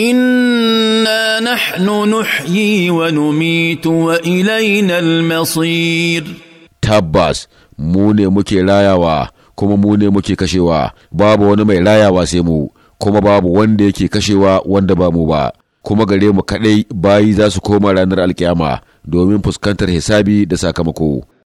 انا نحن نحيي numituwa والينا masir. tabbas mu ne muke rayawa kuma mu ne muke kashewa babu wani mai rayawa sai mu kuma babu wanda yake kashewa wanda ba mu ba kuma gare mu kaɗai bayi za su koma ranar alkiyama domin fuskantar hisabi da sakamako